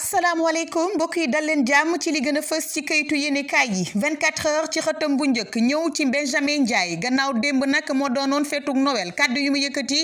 asalaamaaleykum mbokk yi dal leen jàmm ci li gën a fës ci kayitu yéenekaay yi 24 heures ci xëtam bu njëkk ñëw ci Benjamin Ndiaye gannaaw démb nag moo doonoon feetuk Noël kaddu yu mu yëkkati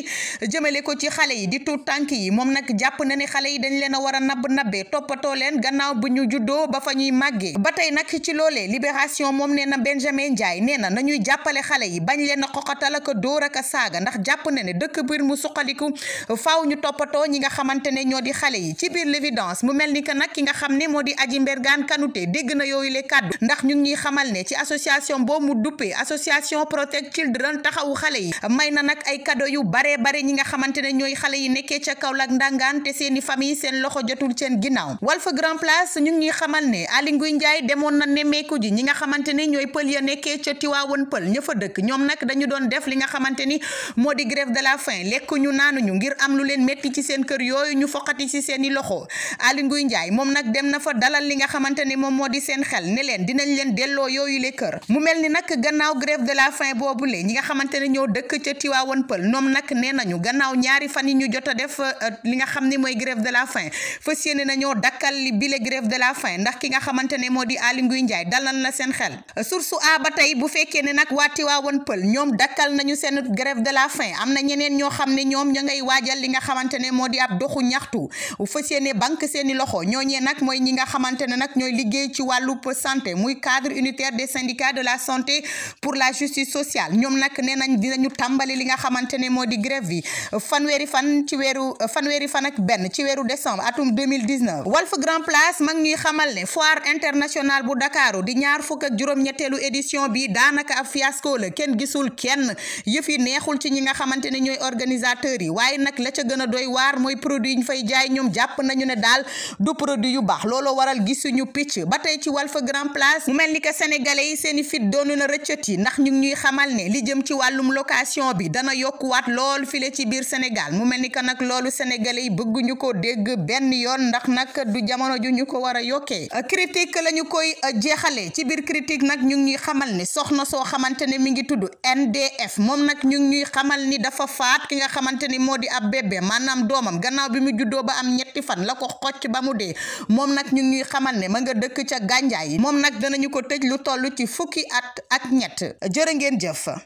jëmale ko ci xale yi di tuut tànk yi moom nag jàpp na ni xale yi dañ leen a war a nabb nabbee toppatoo leen gannaaw bu ñu juddoo ba fa ñuy màggee ba tey nag ci loolee Libération moom nee na Benjamin Ndiaye nee na ñuy jàppale xale yi bañ leen a xoqatal ak dóor ak a saaga ndax jàpp na ne dëkk biir mu suqaliku faaw ñu toppatoo ñi nga xamante ne ñoo di xale yi ci biir l'évidence mel ni que nga xam ne moo di Adji Mbergane Kanouté dégg na yooyu le kàddu ndax ñu ngi ñuy xamal ne ci association boo mu duppee association protect children taxawu xale yi may na nag ay cadeau yu bare bare ñi nga xamante ne ñooy xale yi nekkee ca Kaolack ndangaan te seeni famille seen loxo jotul seen ginnaaw fa Grand Place ñu ngi ñuy xamal ne Aly Ngouille Ndiaye demoon na nemmeeku ji ñi nga xamante ne ñooy pël ya nekkee ca Tiwaawoon pël ña dëkk ñoom nag dañu doon def li nga xamante ni moo di grève de la faim lekk ñu naanuñu ngir am lu leen metti ci seen kër yooyu ñu foqati ci seeni loxo Aly Guy Ndiaye moom nag dem na fa dalal li nga xamante ni moom moo di seen xel ne leen dinañ leen delloo yooyu le kër mu mel ni nag gannaaw grève de la faim boobu le ñi nga xamante ne ñoo dëkk ca Tiwaawan Pël ñoom nag nee nañu gannaaw ñaari fan yi ñu jot a def euh, li nga xam ni mooy grève de la faim fas yéene nañoo dakkal li bile grève de la faim ndax ki nga xamante ne moo di Aly Ngouille Ndiaye na seen xel source a ba tey bu fekkee ne nag waa Tiwaawan Pël ñoom dakkal nañu seen grève de la faim am na ñeneen ñoo xam ne ñoom ña ngay waajal li nga xamante ne moo di ab doxu ñaxtu fas yéene banque seeni loxo ñoo ñooñee nag mooy ñi nga xamante ne nag ñooy liggéey ci wàllub santé muy cadre unitaire des syndicats de la santé pour la justice sociale ñoom nag nee nañ dinañu tàmbali li nga xamante ne moo di grève bi fanweeri fan ci weeru fanweeri fan ak benn ci weeru décembre atum 2019 Walf Grand Place mag ñuy xamal ne foire internationale bu ndakaaru di ñaar fukk ak juróom-ñetteelu édition bi daanaka ab fiasco la kenn gisul kenn yëf neexul ci ñi nga xamante ne ñooy organisateurs yi waaye nag la ca gën a doy waar mooy produit ñu fay jaay ñoom jàpp nañu ne daal du produit yu baax looloo waral gisuñu picc ba tey ci Walf Grand Place mu mel ni que sénégalais yi seeni fit doonu na rëccët yi ndax ñu ngi ñuy xamal ne li jëm ci wàllum location bi dana yokkuwaat lool file ci biir Sénégal mu mel ni que nag loolu sénégalais yi bëgguñu ko dégg benn yoon ndax nag du jamono ju ñu ko war a yokkee critique la ñu koy euh, jeexalee ci biir critique nag ñu ngi ñuy xamal ne soxna soo xamante ne mi ngi tudd NDF moom nag ñu ngi ñuy xamal ni dafa faat ki nga xamante ni moo di ab bébé maanaam doomam gannaaw bi mu juddoo ba am ñetti fan la ko xocc ba mu dee moom nag ñu ngi xamal ne ma nga dëkk ca gànjaay moom nag danañu ko tëj lu toll ci fukki at ak ñett jërë ngeen jëf fa